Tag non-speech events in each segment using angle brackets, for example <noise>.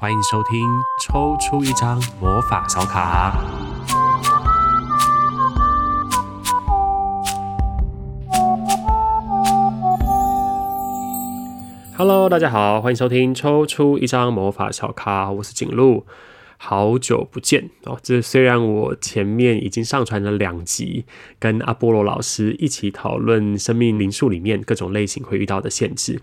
歡迎收聽抽出一張魔法小卡。Hello，大家好，歡迎收聽抽出一張魔法小卡，我是景露。好久不見哦！這、就是、雖然我前面已經上傳了兩集，跟阿波羅老師一起討論生命靈數裡面各種類型會遇到的限制，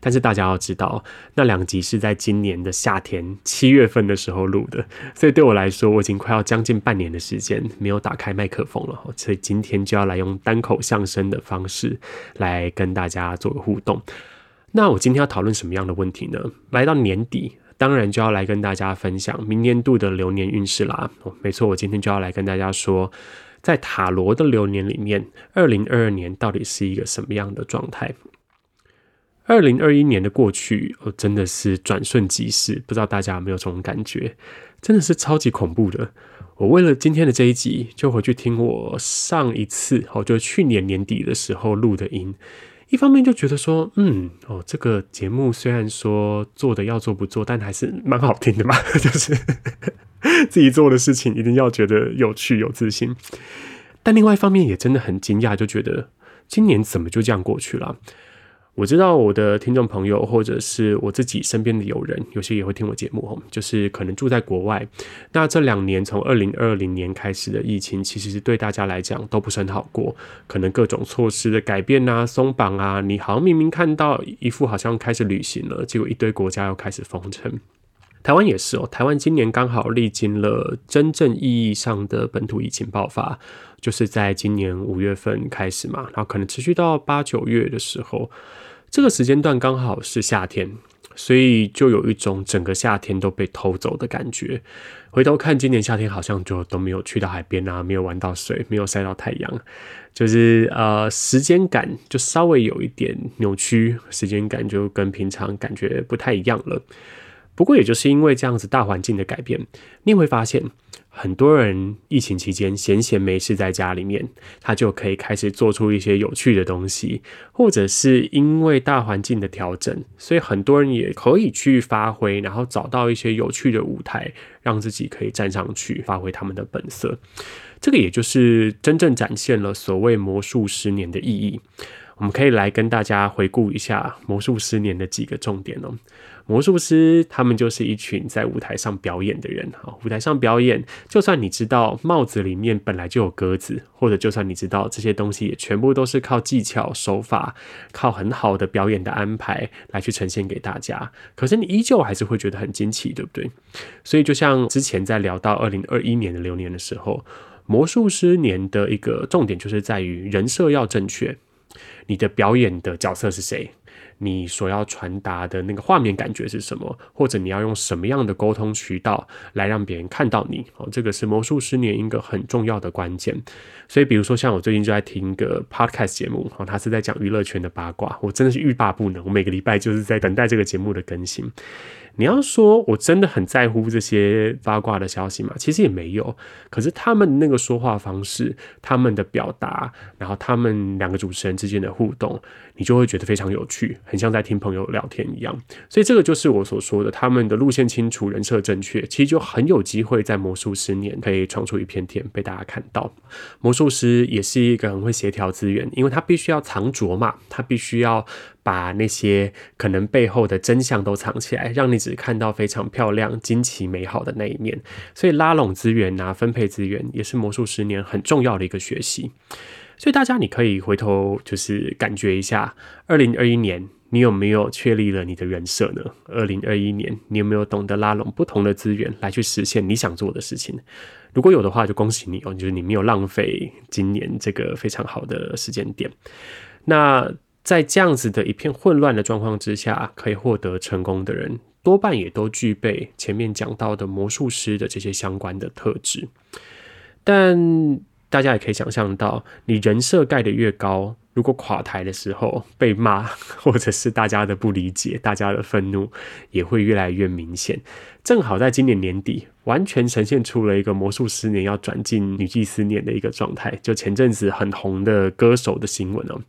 但是大家要知道，那兩集是在今年的夏天七月份的時候錄的，所以對我來說，我已經快要將近半年的時間沒有打開麥克風了，所以今天就要來用單口相聲的方式來跟大家做個互動。那我今天要討論什麼樣的問題呢？來到年底。當然就要來跟大家分享明年度的流年運勢啦。哦，沒錯，我今天就要來跟大家說，在塔羅的流年裡面，二零二二年到底是一個什麼樣的狀態？二零二一年的過去，哦，真的是轉瞬即逝，不知道大家有沒有這種感覺？真的是超級恐怖的。我為了今天的這一集，就回去聽我上一次哦，就去年年底的時候錄的音。一方面就覺得說，嗯，哦，這個節目雖然說做的要做不做，但還是蠻好聽的嘛。就是，呵呵，自己做的事情一定要覺得有趣、有自信。但另外一方面也真的很驚訝，就覺得今年怎麼就這樣過去了啊？我知道我的聽眾朋友，或者是我自己身邊的友人，有些也會聽我節目，就是可能住在國外。那這兩年從二零二零年開始的疫情，其實是對大家來講都不是很好過。可能各種措施的改變啊、鬆綁啊，你好像明明看到一副好像開始旅行了，結果一堆國家又開始封城。台灣也是哦，台灣今年剛好歷經了真正意義上的本土疫情爆發，就是在今年五月份開始嘛，然後可能持續到八九月的時候，這個時間段剛好是夏天，所以就有一種整個夏天都被偷走的感覺。回頭看今年夏天，好像就都沒有去到海邊啊，沒有玩到水，沒有曬到太陽，就是呃，時間感就稍微有一點扭曲，時間感就跟平常感覺不太一樣了。不過，也就是因為這樣子大環境的改變，你會發現很多人疫情期間閒閒沒事在家裡面，他就可以開始做出一些有趣的東西，或者是因為大環境的調整，所以很多人也可以去發揮，然後找到一些有趣的舞台，讓自己可以站上去發揮他們的本色。這個也就是真正展現了所謂“魔術師流年”的意義。我們可以來跟大家回顧一下魔術師年的幾個重點哦。魔術師他們就是一群在舞台上表演的人啊。舞台上表演，就算你知道帽子裡面本來就有鴿子，或者就算你知道這些東西也全部都是靠技巧、手法，靠很好的表演的安排來去呈現給大家，可是你依舊還是會覺得很驚奇，對不對？所以就像之前在聊到二零二一年的流年的時候，魔術師年的一個重點就是在於人設要正確。你的表演的角色是誰？你所要傳達的那個畫面感覺是什麼？或者你要用什麼樣的溝通渠道來讓別人看到你？哦，這個是魔術師流年一個很重要的關鍵。所以，比如說像我最近就在聽一個 podcast 節目，他是在講娛樂圈的八卦，我真的是欲罷不能。我每個禮拜就是在等待這個節目的更新。你要說我真的很在乎這些八卦的消息嗎？其實也沒有，可是他們那個說話方式、他們的表達，然後他們兩個主持人之間的互動，你就會覺得非常有趣，很像在聽朋友聊天一樣。所以這個就是我所說的，他們的路線清楚、人設正確，其實就很有機會在魔術師年可以闖出一片天，被大家看到。魔術師也是一個很會協調資源，因為他必須要藏拙嘛，他必須要。把那些可能背後的真相都藏起來，讓你只看到非常漂亮、驚奇、美好的那一面。所以拉攏資源啊，分配資源也是魔術十年很重要的一個學習。所以大家，你可以回頭就是感覺一下，二零二一年你有沒有確立了你的人設呢？二零二一年你有沒有懂得拉攏不同的資源來去實現你想做的事情？如果有的話，就恭喜你哦，就是你沒有浪費今年這個非常好的時間點。那。在這樣子的一片混亂的狀況之下，可以獲得成功的人，多半也都具備前面講到的魔術師的這些相關的特質，但。大家也可以想象到，你人設蓋得越高，如果垮台的時候被罵，或者是大家的不理解、大家的憤怒也會越來越明顯。正好在今年年底，完全呈現出了一個魔術師年要轉進女祭司年的一個狀態。就前陣子很紅的歌手的新聞哦、喔，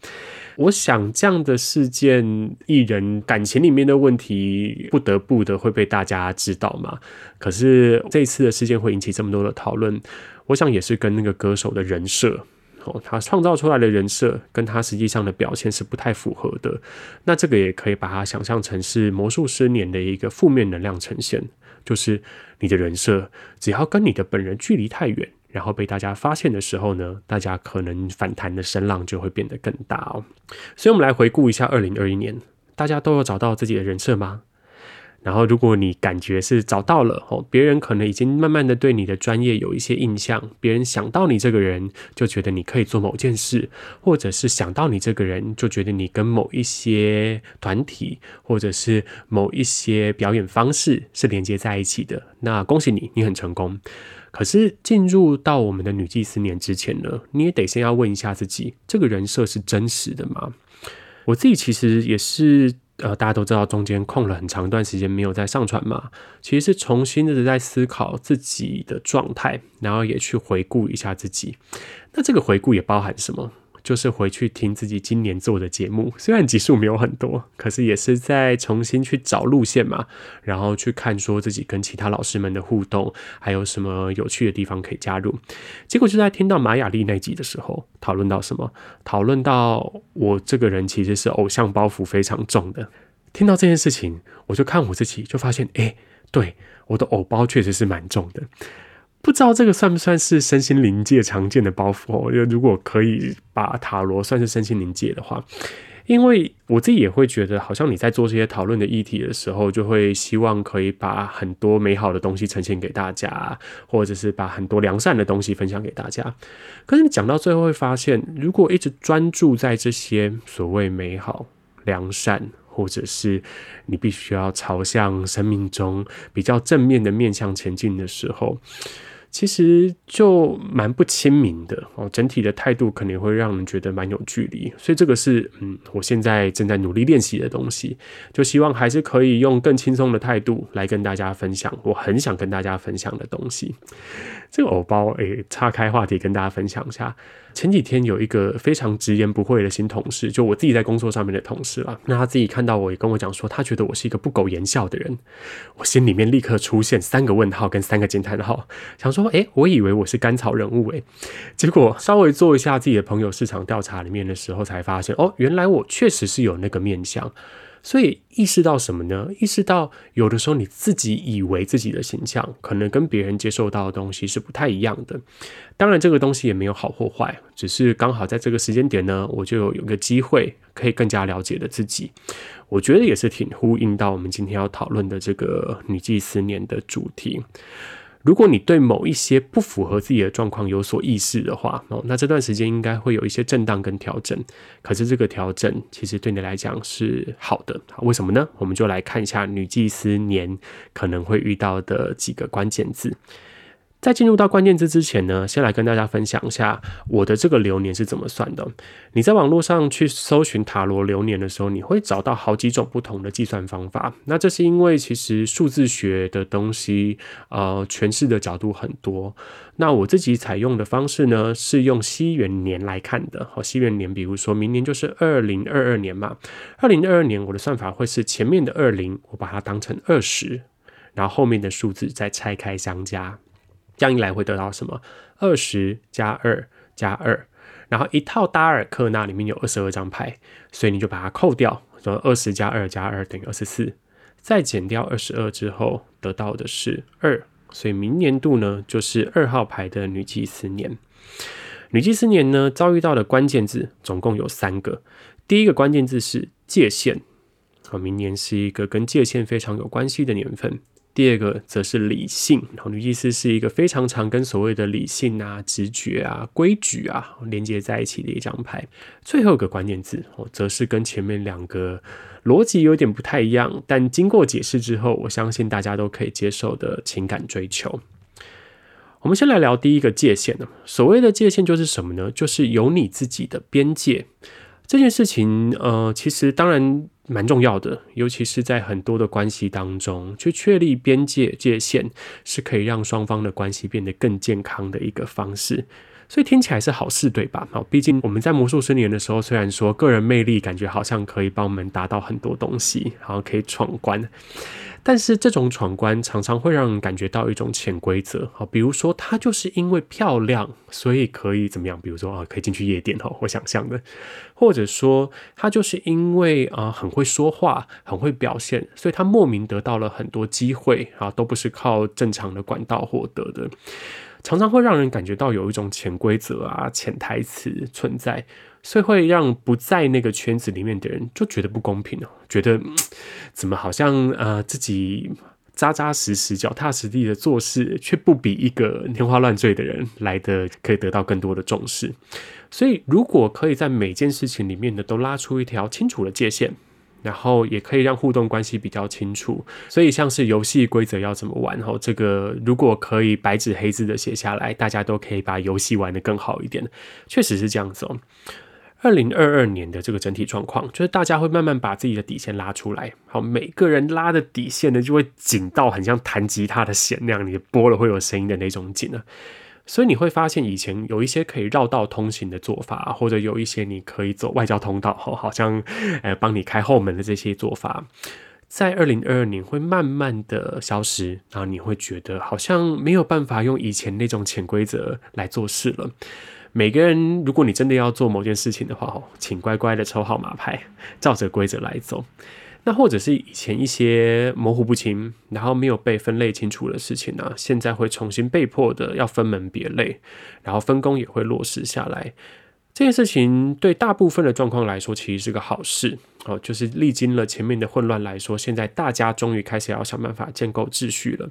我想這樣的事件，藝人感情裡面的問題，不得不的會被大家知道嘛。可是這次的事件會引起這麼多的討論。我想也是跟那個歌手的人設哦，他創造出來的人設跟他實際上的表現是不太符合的。那這個也可以把它想象成是魔術師年的一個負面能量呈現，就是你的人設只要跟你的本人距離太遠，然後被大家發現的時候呢，大家可能反彈的聲浪就會變得更大哦。所以，我們來回顧一下二零二一年，大家都有找到自己的人設嗎？然後，如果你感覺是找到了哦，別人可能已經慢慢的對你的專業有一些印象，別人想到你這個人就覺得你可以做某件事，或者是想到你這個人就覺得你跟某一些團體或者是某一些表演方式是連接在一起的。那恭喜你，你很成功。可是進入到我們的女祭司年之前呢，你也得先要問一下自己，這個人設是真實的嗎？我自己其實也是。呃，大家都知道中間空了很長一段時間沒有再上傳嘛，其實是重新的在思考自己的狀態，然後也去回顧一下自己。那這個回顧也包含什麼？就是回去聽自己今年做的節目，雖然集數沒有很多，可是也是在重新去找路線嘛，然後去看說自己跟其他老師們的互動，還有什麼有趣的地方可以加入。結果就在聽到馬雅麗那集的時候，討論到什麼？討論到我這個人其實是偶像包袱非常重的。聽到這件事情，我就看我自己，就發現，哎、欸，對，我的偶包確實是蠻重的。不知道這個算不算是身心靈界常見的包袱哦？因為如果可以把塔羅算是身心靈界的話，因為我自己也會覺得，好像你在做這些討論的議題的時候，就會希望可以把很多美好的東西呈現給大家，或者是把很多良善的東西分享給大家。可是你講到最後會發現，如果一直專注在這些所謂美好、良善，或者是你必須要朝向生命中比較正面的面向前進的時候。其實就蠻不親民的哦，整體的態度可能會讓人覺得蠻有距離，所以這個是嗯，我現在正在努力練習的東西，就希望還是可以用更輕鬆的態度來跟大家分享我很想跟大家分享的東西。這個偶包誒，岔開話題跟大家分享一下，前幾天有一個非常直言不諱的新同事，就我自己在工作上面的同事啊，那他自己看到我也跟我講說，他覺得我是一個不苟言笑的人，我心裡面立刻出現三個問號跟三個驚嘆號，想說。哎、欸，我以為我是甘草人物誒、欸，結果稍微做一下自己的朋友市場調查裡面的時候，才發現哦，原來我確實是有那個面相。所以意識到什麼呢？意識到有的時候你自己以為自己的形象，可能跟別人接受到的東西是不太一樣的。當然，這個東西也沒有好或壞，只是剛好在這個時間點呢，我就有一個機會可以更加了解了自己。我覺得也是挺呼應到我們今天要討論的這個女祭司年的主題。如果你對某一些不符合自己的狀況有所意識的話，哦，那這段時間應該會有一些震盪跟調整。可是這個調整其實對你來講是好的。好，為什麼呢？我們就來看一下女祭司年可能會遇到的幾個關鍵字。在進入到關鍵字之前呢，先來跟大家分享一下我的這個流年是怎麼算的。你在網絡上去搜尋塔羅流年的時候，你會找到好幾種不同的計算方法。那這是因為其實數字學的東西，呃，詮釋的角度很多。那我自己採用的方式呢，是用西元年來看的。好、哦，西元年，比如說明年就是二零二二年嘛。二零二二年，我的算法會是前面的二零，我把它當成二十，然後後面的數字再拆開相加。這樣一來會得到什麼？二十加二加二，2 2然後一套大阿爾克那裡面有二十二張牌，所以你就把它扣掉總，總二十加二加二等於二十四，再減掉二十二之後得到的是二，所以明年度呢就是二號牌的女祭司年。女祭司年呢遭遇到的關鍵字總共有三個，第一個關鍵字是界線，明年是一個跟界線非常有關係的年份。第二個則是理性，然後女祭司是一個非常常跟所謂的理性啊、直覺啊、規矩啊連接在一起的一張牌。最後一個關鍵字，哦，則是跟前面兩個邏輯有點不太一樣，但經過解釋之後，我相信大家都可以接受的情感追求。我們先來聊第一個界限，所謂的界限就是什麼呢？就是有你自己的邊界。這件事情，呃，其實當然。蠻重要的，尤其是在很多的關係當中，去確立邊界界限，是可以讓雙方的關係變得更健康的一個方式。所以聽起來是好事，對吧？好，畢竟我們在魔術師流年的時候，雖然說個人魅力感覺好像可以幫我們達到很多東西，然後可以闖關。但是這種闖關常常會讓人感覺到一種潛規則。好，比如說他就是因為漂亮，所以可以怎麼樣？比如說啊、哦，可以進去夜店哈，我想象的，或者說他就是因為啊、呃、很會說話，很會表現，所以他莫名得到了很多機會啊，都不是靠正常的管道獲得的，常常會讓人感覺到有一種潛規則啊、潛台詞存在。所以會讓不在那個圈子裡面的人就覺得不公平哦，覺得怎麼好像呃自己扎扎實實、腳踏實地的做事，卻不比一個天花亂墜的人來的可以得到更多的重視。所以如果可以在每件事情裡面呢都拉出一條清楚的界限，然後也可以讓互動關係比較清楚。所以像是遊戲規則要怎麼玩哦，這個如果可以白紙黑字的寫下來，大家都可以把遊戲玩得更好一點。確實是這樣子哦。二零二二年的這個整體狀況，就是大家會慢慢把自己的底線拉出來。好，每個人拉的底線呢，就會緊到很像彈吉他的弦那樣，你撥了會有聲音的那種緊啊。所以你會發現，以前有一些可以繞道通行的做法，或者有一些你可以走外交通道後，好像呃幫你開後門的這些做法，在二零二二年會慢慢的消失。然後你會覺得，好像沒有辦法用以前那種潛規則來做事了。每個人，如果你真的要做某件事情的話，哦，請乖乖的抽號碼牌，照着規則來走。那或者是以前一些模糊不清，然後沒有被分類清楚的事情呢、啊，現在會重新被迫的要分門別類，然後分工也會落實下來。這件事情對大部分的狀況來說，其實是個好事。哦，就是歷經了前面的混亂來說，現在大家終於開始要想辦法建構秩序了。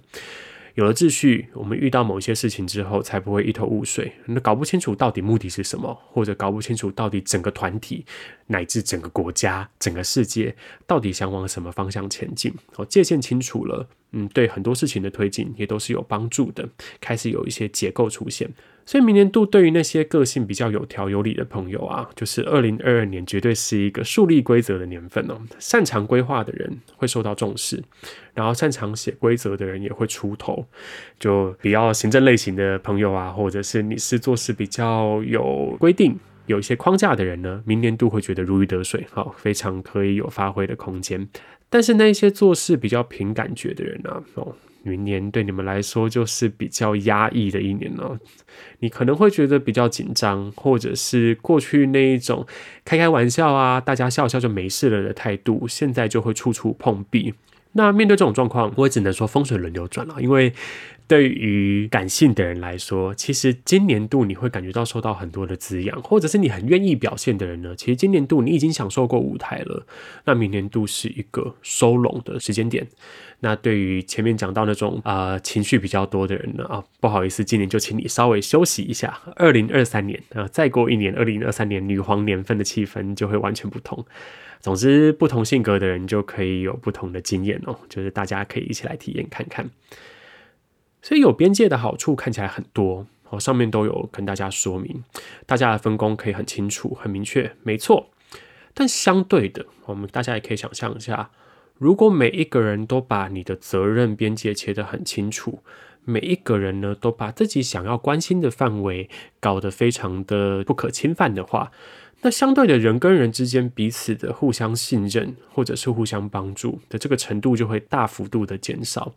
有了秩序，我們遇到某些事情之後，才不會一頭霧水，那搞不清楚到底目的是什麼，或者搞不清楚到底整個團體乃至整個國家、整個世界到底想往什麼方向前進。哦，界限清楚了，嗯，對很多事情的推進也都是有幫助的，開始有一些結構出現。所以明年度對於那些個性比較有條有理的朋友啊，就是二零二二年絕對是一個樹立規則的年份哦。擅長規劃的人會受到重視，然後擅長寫規則的人也會出頭。就比較行政類型的朋友啊，或者是你是做事比較有規定、有一些框架的人呢，明年度會覺得如魚得水，好、哦、非常可以有發揮的空間。但是那一些做事比較憑感覺的人呢、啊，哦。明年對你們來說就是比較壓抑的一年了，你可能會覺得比較緊張，或者是過去那一種開開玩笑啊，大家笑笑就沒事了的態度，現在就會處處碰壁。那面對這種狀況，我也只能說風水輪流轉了，因為。對於感性的人來說，其實今年度你會感覺到受到很多的滋養，或者是你很願意表現的人呢，其實今年度你已經享受過舞台了，那明年度是一個收攏的時間點。那對於前面講到那種啊、呃、情緒比較多的人呢，啊不好意思，今年就請你稍微休息一下。二零二三年啊、呃，再過一年，二零二三年女皇年份的氣氛就會完全不同。總之，不同性格的人就可以有不同的經驗哦，就是大家可以一起來體驗看看。所以有邊界的好處看起來很多，我上面都有跟大家說明，大家的分工可以很清楚、很明確，沒錯。但相對的，我們大家也可以想象一下，如果每一個人都把你的責任邊界切得很清楚，每一個人呢都把自己想要關心的範圍搞得非常的不可侵犯的話，那相對的人跟人之間彼此的互相信任或者是互相幫助的這個程度就會大幅度的減少。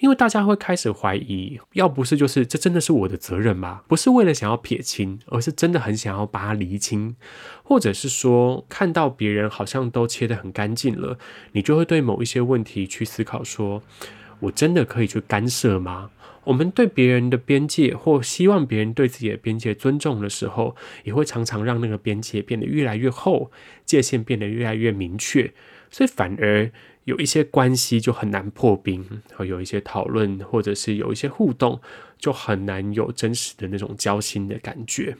因為大家會開始懷疑，要不是就是這真的是我的責任嗎？不是為了想要撇清，而是真的很想要把它釐清，或者是說看到別人好像都切得很乾淨了，你就會對某一些問題去思考說：說我真的可以去干涉嗎？我們對別人的邊界，或希望別人對自己的邊界尊重的時候，也會常常讓那個邊界變得越來越厚，界限變得越來越明確，所以反而，有一些關係就很難破冰，然後有一些討論或者是有一些互動，就很難有真實的那種交心的感覺。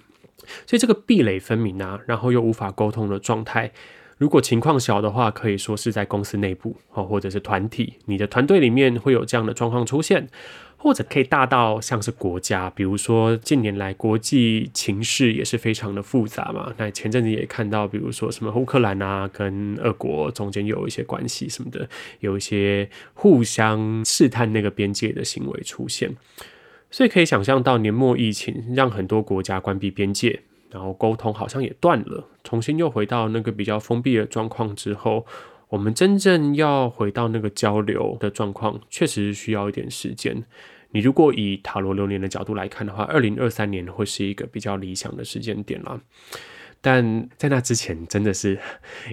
所以這個壁壘分明啊，然後又無法溝通的狀態，如果情況小的話，可以說是在公司內部或者是團體，你的團隊裡面會有這樣的狀況出現。或者可以大到像是國家，比如說近年來國際情勢也是非常的複雜嘛。那前陣子也看到，比如說什麼烏克蘭啊，跟俄國中間有一些關係什麼的，有一些互相試探那個邊界的行為出現。所以可以想象到年末疫情讓很多國家關閉邊界，然後溝通好像也斷了，重新又回到那個比較封閉的狀況之後。我們真正要回到那個交流的狀況，確實是需要一點時間。你如果以塔羅流年的角度來看的話，二零二三年會是一個比較理想的時間點啦。但在那之前，真的是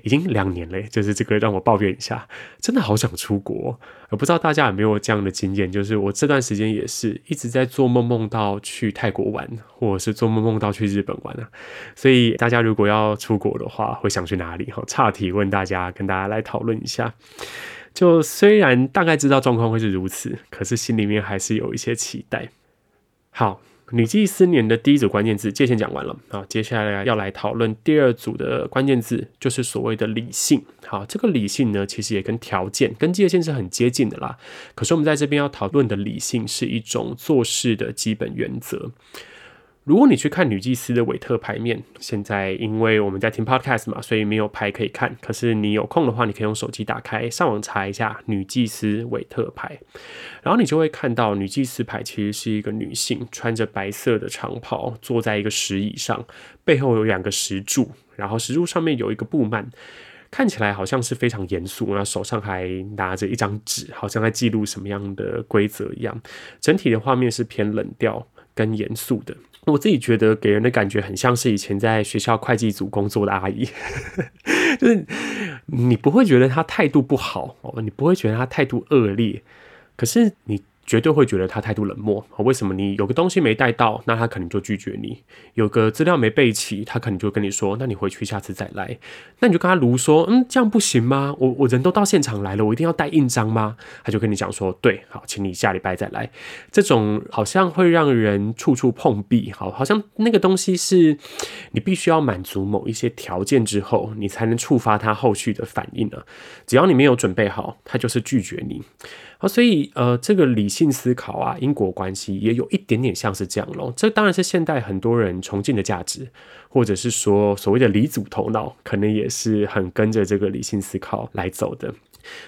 已經兩年了，就是這個讓我抱怨一下，真的好想出國哦。我不知道大家有沒有這樣的經驗，就是我這段時間也是一直在做夢，夢到去泰國玩，或者是做夢夢到去日本玩啊。所以大家如果要出國的話，會想去哪裡？好，岔題，問大家，跟大家來討論一下。就雖然大概知道狀況會是如此，可是心裡面還是有一些期待。好。李濟思年的第一組關鍵字界限講完了，好，接下來要來討論第二組的關鍵字，就是所謂的理性。好，這個理性呢，其實也跟條件、跟界限是很接近的啦。可是我們在這邊要討論的理性，是一種做事的基本原則。如果你去看女祭司的韋特牌面，現在因為我們在聽 podcast 嘛，所以沒有牌可以看。可是你有空的話，你可以用手機打開上網查一下女祭司韋特牌，然後你就會看到女祭司牌其實是一個女性穿着白色的長袍，坐在一個石椅上，背後有兩個石柱，然後石柱上面有一個布幔，看起來好像是非常嚴肅，然後手上還拿着一張紙，好像在記錄什麼樣的規則一樣。整體的畫面是偏冷調跟嚴肅的。我自己覺得給人的感覺很像是以前在學校會計組工作的阿姨， <laughs> 就是你不會覺得她態度不好，你不會覺得她態度惡劣，可是你絕對會覺得他態度冷漠，好，為什麼你有個東西沒帶到，那他可能就拒絕你；有個資料沒備齊，他可能就跟你說：“那你回去下次再來。”那你就跟他如說：“嗯，這樣不行嗎？我我人都到現場來了，我一定要帶印章嗎？”他就跟你講說：“對，好，請你下禮拜再來。”這種好像會讓人處處碰壁，好，好像那個東西是你必須要滿足某一些條件之後，你才能觸發他後續的反應了啊。只要你沒有準備好，他就是拒絕你。好，所以呃，這個理性思考啊，因果關係也有一點點像是這樣嘍。這當然是現代很多人崇敬的價值，或者是說所謂的“理組頭腦”，可能也是很跟着這個理性思考來走的。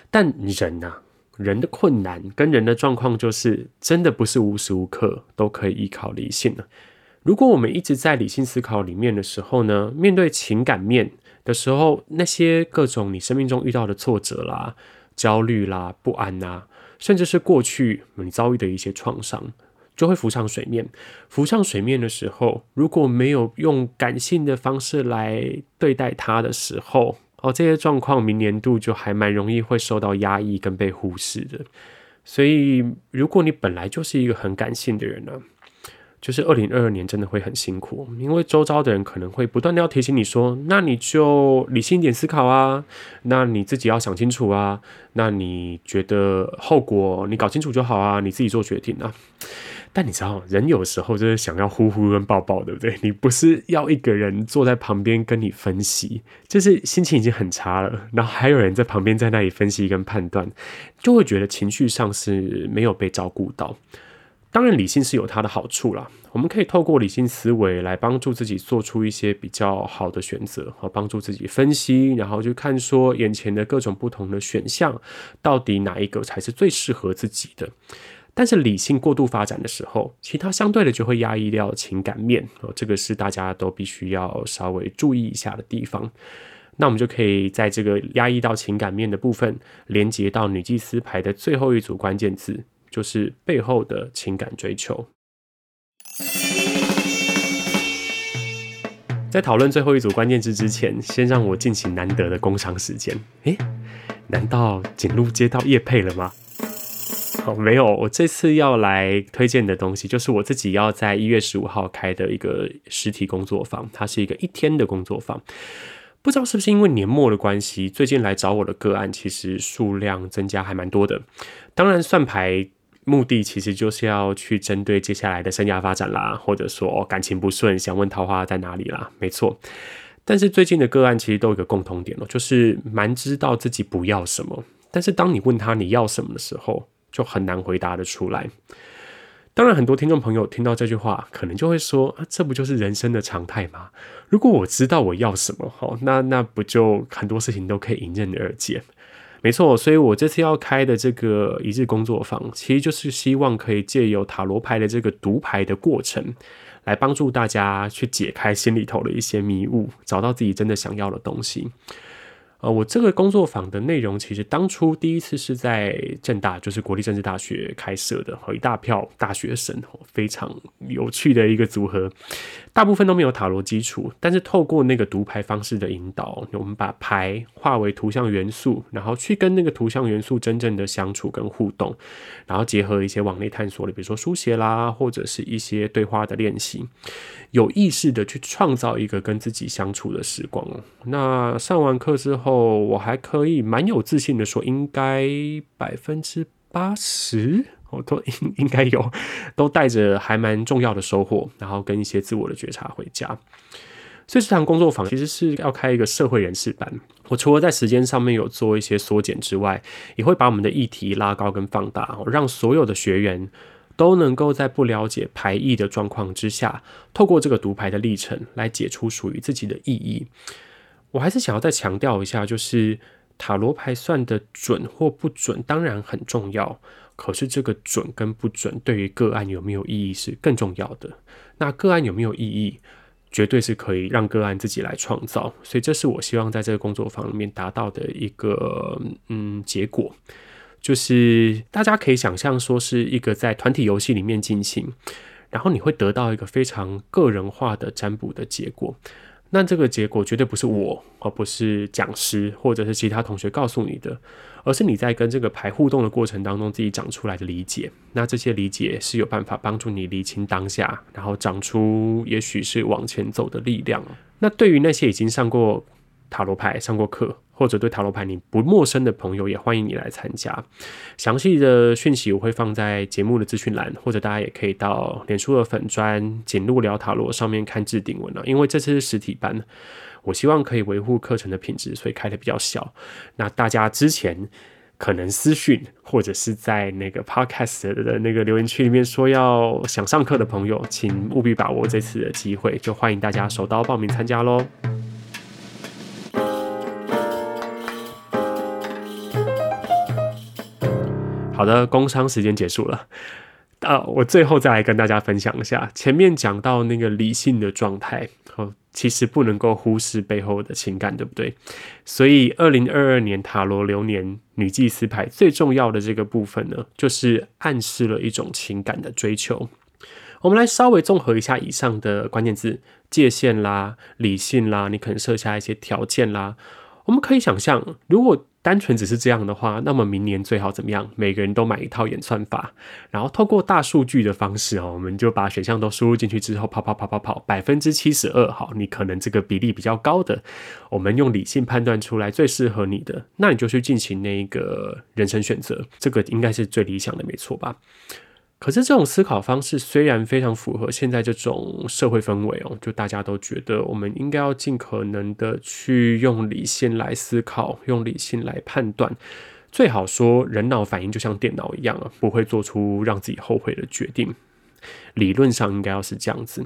但人吶、啊，人的困難跟人的狀況，就是真的不是無時無刻都可以依靠理性的。如果我們一直在理性思考裡面的時候呢，面對情感面的時候，那些各種你生命中遇到的挫折啦、焦慮啦、不安吶、啊。甚至是過去你遭遇的一些創傷，就會浮上水面。浮上水面的時候，如果沒有用感性的方式來對待它的時候，哦，這些狀況明年度就還蠻容易會受到壓抑跟被忽視的。所以，如果你本來就是一個很感性的人呢，啊？就是二零二二年真的會很辛苦，因為周遭的人可能會不斷的要提醒你說，那你就理性一點思考啊，那你自己要想清楚啊，那你覺得後果你搞清楚就好啊，你自己做決定啊。但你知道，人有時候就是想要呼呼跟抱抱，對不對？你不是要一個人坐在旁邊跟你分析，就是心情已經很差了，然後還有人在旁邊在那裡分析跟判斷，就會覺得情緒上是沒有被照顧到。當然，理性是有它的好處啦。我們可以透過理性思維來幫助自己做出一些比較好的選擇，和幫助自己分析，然後就看說眼前的各種不同的選項，到底哪一個才是最適合自己的。但是，理性過度發展的時候，其他相對的就會壓抑掉情感面。哦，這個是大家都必須要稍微注意一下的地方。那我們就可以在這個壓抑到情感面的部分，連接到女祭司牌的最後一組關鍵字。就是背後的情感追求。在討論最後一組關鍵字之前，先讓我進行難得的工商時間。誒、欸、難道景路接到業配了嗎？哦，沒有。我這次要來推薦的東西，就是我自己要在一月十五號開的一個實體工作坊。它是一個一天的工作坊。不知道是不是因為年末的關係，最近來找我的個案其實數量增加還蠻多的。當然算牌。目的其實就是要去針對接下來的生涯發展啦，或者說感情不順，想問桃花在哪裡啦，沒錯。但是最近的個案其實都有一個共同點哦，就是蠻知道自己不要什麼，但是當你問他你要什麼的時候，就很難回答得出來。當然，很多聽眾朋友聽到這句話，可能就會說啊，這不就是人生的常態嗎？如果我知道我要什麼，好，那那不就很多事情都可以迎刃而解。沒錯，所以我這次要開的這個一日工作坊，其實就是希望可以借由塔羅牌的這個讀牌的過程，來幫助大家去解開心裡頭的一些迷霧，找到自己真的想要的東西。呃，我這個工作坊的內容，其實當初第一次是在政大，就是國立政治大學開設的，和一大票大學生，非常有趣的一個組合。大部分都沒有塔羅基礎，但是透過那個讀牌方式的引導，我們把牌化為圖像元素，然後去跟那個圖像元素真正的相處跟互動，然後結合一些往內探索的，比如說書寫啦，或者是一些對話的練習，有意識的去創造一個跟自己相處的時光。那上完課之後，我還可以蠻有自信的說應該百分之八十。我都應應該有，都帶着還蠻重要的收穫，然後跟一些自我的覺察回家。所以，這堂工作坊其實是要開一個社會人士班。我除了在時間上面有做一些縮減之外，也會把我們的議題拉高跟放大，讓所有的學員都能夠在不了解牌義的狀況之下，透過這個讀牌的歷程來解出屬於自己的意義。我還是想要再強調一下，就是塔羅牌算得準或不準，當然很重要。可是這個準跟不準，對於個案有沒有意義是更重要的。那個案有沒有意義，絕對是可以讓個案自己來創造。所以，這是我希望在這個工作坊裡面達到的一個嗯結果，就是大家可以想象說是一個在團體遊戲裡面進行，然後你會得到一個非常個人化的占卜的結果。那這個結果絕對不是我，而不是講師，或者是其他同學告訴你的。而是你在跟這個牌互動的過程當中，自己長出來的理解。那這些理解是有辦法幫助你理清當下，然後長出也許是往前走的力量。那對於那些已經上過塔羅牌、上過課，或者對塔羅牌你不陌生的朋友，也歡迎你來參加。詳細的訊息我會放在節目的資訊欄，或者大家也可以到臉書的粉專“錦路聊塔羅”上面看置頂文啊，因為這次是實體班。我希望可以維護課程的品質，所以開的比較小。那大家之前可能私訊或者是在那個 Podcast 的那個留言區裡面說要想上課的朋友，請務必把握這次的機會，就歡迎大家手刀報名參加嘍。好的，工商時間結束了。啊、呃，我最後再來跟大家分享一下前面講到那個理性的狀態。其實不能夠忽視背後的情感，對不對？所以，二零二二年塔羅流年女祭司牌最重要的這個部分呢，就是暗示了一種情感的追求。我們來稍微綜合一下以上的關鍵字：界限啦、理性啦，你可能設下一些條件啦。我們可以想象，如果單純只是這樣的話，那麼明年最好怎麼樣？每個人都買一套演算法，然後透過大數據的方式哦，我們就把選項都輸入進去之後，跑跑跑跑跑，百分之七十二，好，你可能這個比例比較高的，我們用理性判斷出來最適合你的，那你就去進行那個人生選擇，這個應該是最理想的，沒錯吧？可是這種思考方式雖然非常符合現在這種社會氛圍哦，就大家都覺得我們應該要盡可能的去用理性來思考，用理性來判斷，最好說人腦反應就像電腦一樣啊，不會做出讓自己後悔的決定。理論上應該要是這樣子，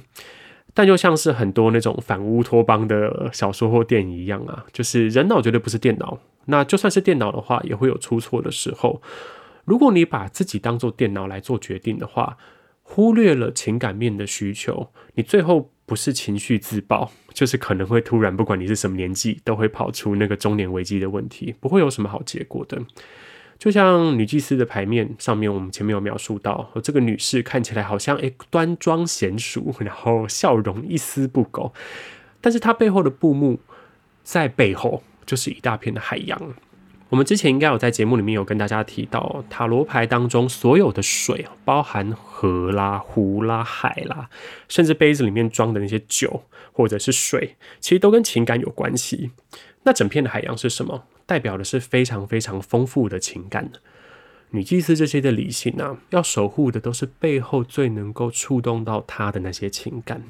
但就像是很多那種反烏托邦的小說或電影一樣啊，就是人腦絕對不是電腦，那就算是電腦的話，也會有出錯的時候。如果你把自己當做電腦來做決定的話，忽略了情感面的需求，你最後不是情緒自爆，就是可能會突然不管你是什麼年紀，都會跑出那個中年危機的問題，不會有什麼好結果的。就像女祭司的牌面上面，我們前面有描述到、呃，這個女士看起來好像哎、欸、端莊賢淑，然後笑容一絲不苟，但是她背後的布幕在背後就是一大片的海洋。我們之前應該有在節目裡面有跟大家提到，塔羅牌當中所有的水啊，包含河啦、湖啦、海啦，甚至杯子裡面裝的那些酒或者是水，其實都跟情感有關係。那整片的海洋是什麼？代表的是非常非常豐富的情感。女祭司這些的理性呢啊，要守護的都是背後最能夠觸動到她的那些情感。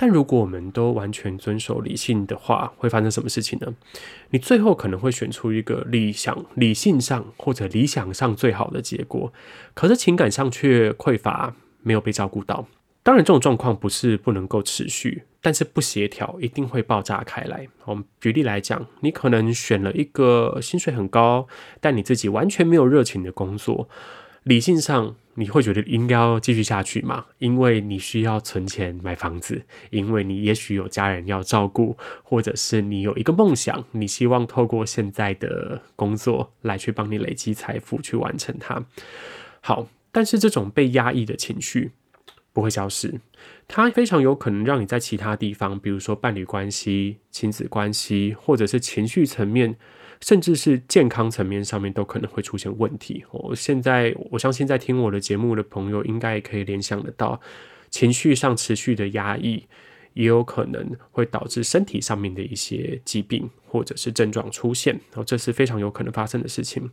但如果我們都完全遵守理性的話，會發生什麼事情呢？你最後可能會選出一個理想、理性上或者理想上最好的結果，可是情感上卻匱乏，沒有被照顧到。當然，這種狀況不是不能夠持續，但是不協調一定會爆炸開來。我們舉例來講，你可能選了一個薪水很高，但你自己完全沒有熱情的工作。理性上，你會覺得應該要繼續下去嗎？因為你需要存錢買房子，因為你也許有家人要照顧，或者是你有一個夢想，你希望透過現在的工作來去幫你累積財富，去完成它。好，但是這種被壓抑的情緒。不會消失，它非常有可能讓你在其他地方，比如說伴侶關係、親子關係，或者是情緒層面，甚至是健康層面上面都可能會出現問題。我現在我相信在聽我的節目的朋友，應該也可以聯想得到，情緒上持續的壓抑，也有可能會導致身體上面的一些疾病或者是症狀出現。哦、這是非常有可能發生的事情。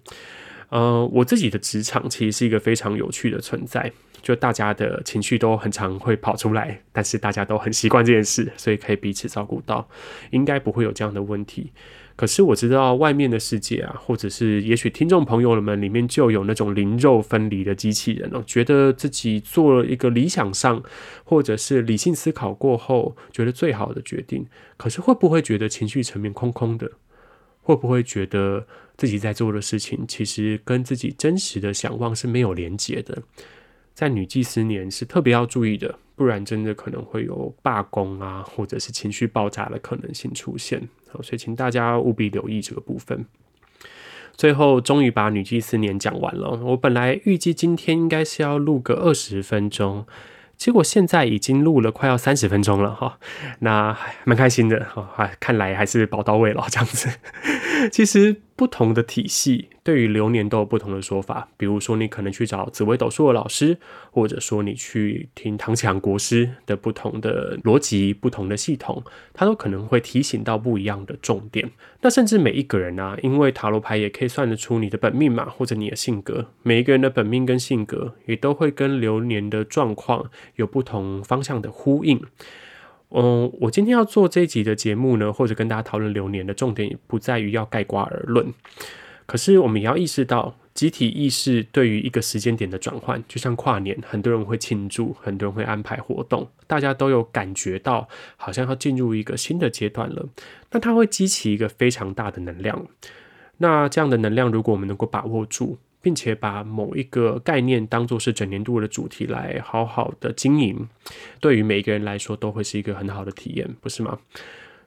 呃，我自己的職場其實是一個非常有趣的存在。就大家的情緒都很常會跑出來，但是大家都很習慣這件事，所以可以彼此照顧到，應該不會有這樣的問題。可是我知道外面的世界啊，或者是也許聽眾朋友們裡面就有那種靈肉分離的機器人哦，覺得自己做了一個理想上或者是理性思考過後覺得最好的決定，可是會不會覺得情緒層面空空的？會不會覺得自己在做的事情其實跟自己真實的想望是沒有連接的？在女祭司年是特別要注意的，不然真的可能會有罷工啊，或者是情緒爆炸的可能性出現。所以請大家務必留意這個部分。最後終於把女祭司年講完了。我本來預計今天應該是要錄個二十分鐘，結果現在已經錄了快要三十分鐘了哈。那還蠻開心的哈，看來還是保到位了這樣子。其實。不同的體系對於流年都有不同的說法，比如說你可能去找紫微斗數的老師，或者說你去聽唐強國師的不同的邏輯、不同的系統，他都可能會提醒到不一樣的重點。那甚至每一個人啊，因為塔羅牌也可以算得出你的本命嘛，或者你的性格，每一個人的本命跟性格也都會跟流年的狀況有不同方向的呼應。嗯，oh, 我今天要做這一集的節目呢，或者跟大家討論流年的重點，不在於要蓋棺而論。可是我們也要意識到，集體意識對於一個時間點的轉換，就像跨年，很多人會慶祝，很多人會安排活動，大家都有感覺到好像要進入一個新的階段了。那它會激起一個非常大的能量。那這樣的能量，如果我們能夠把握住。並且把某一個概念當作是整年度的主題來好好的經營，對於每個人來說都會是一個很好的體驗，不是嗎？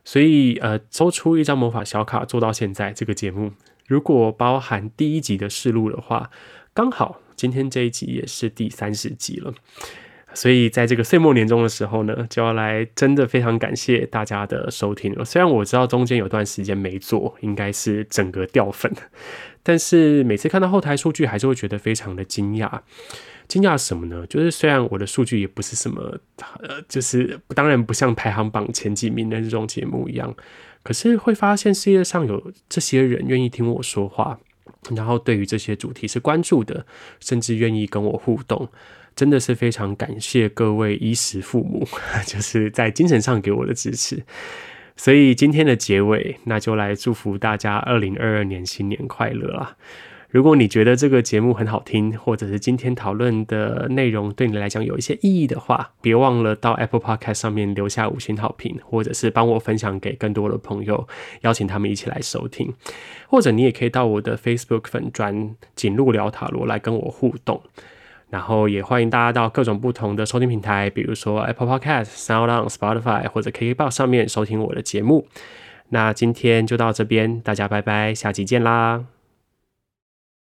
所以，呃，抽出一張魔法小卡做到現在這個節目，如果包含第一集的試錄的話，剛好今天這一集也是第三十集了。所以，在這個歲末年終的時候呢，就要來真的非常感謝大家的收聽了。雖然我知道中間有段時間沒做，應該是整個掉粉。但是每次看到後台數據，還是會覺得非常的驚訝。驚訝什麼呢？就是雖然我的數據也不是什麼，呃，就是當然不像排行榜前幾名的這種節目一樣，可是會發現世界上有這些人願意聽我說話，然後對於這些主題是關注的，甚至願意跟我互動，真的是非常感謝各位衣食父母，就是在精神上給我的支持。所以今天的結尾，那就來祝福大家2022年新年快樂啊！如果你覺得這個節目很好聽，或者是今天討論的內容對你來講有一些意義的話，別忘了到 Apple Podcast 上面留下五星好評，或者是幫我分享給更多的朋友，邀請他們一起來收聽，或者你也可以到我的 Facebook 粉專“景路聊塔羅”來跟我互動。然後也歡迎大家到各種不同的收聽平台，比如說 Apple Podcast、SoundOn、Spotify 或者 KKBOX 上面收聽我的節目。那今天就到這邊，大家拜拜，下期見啦！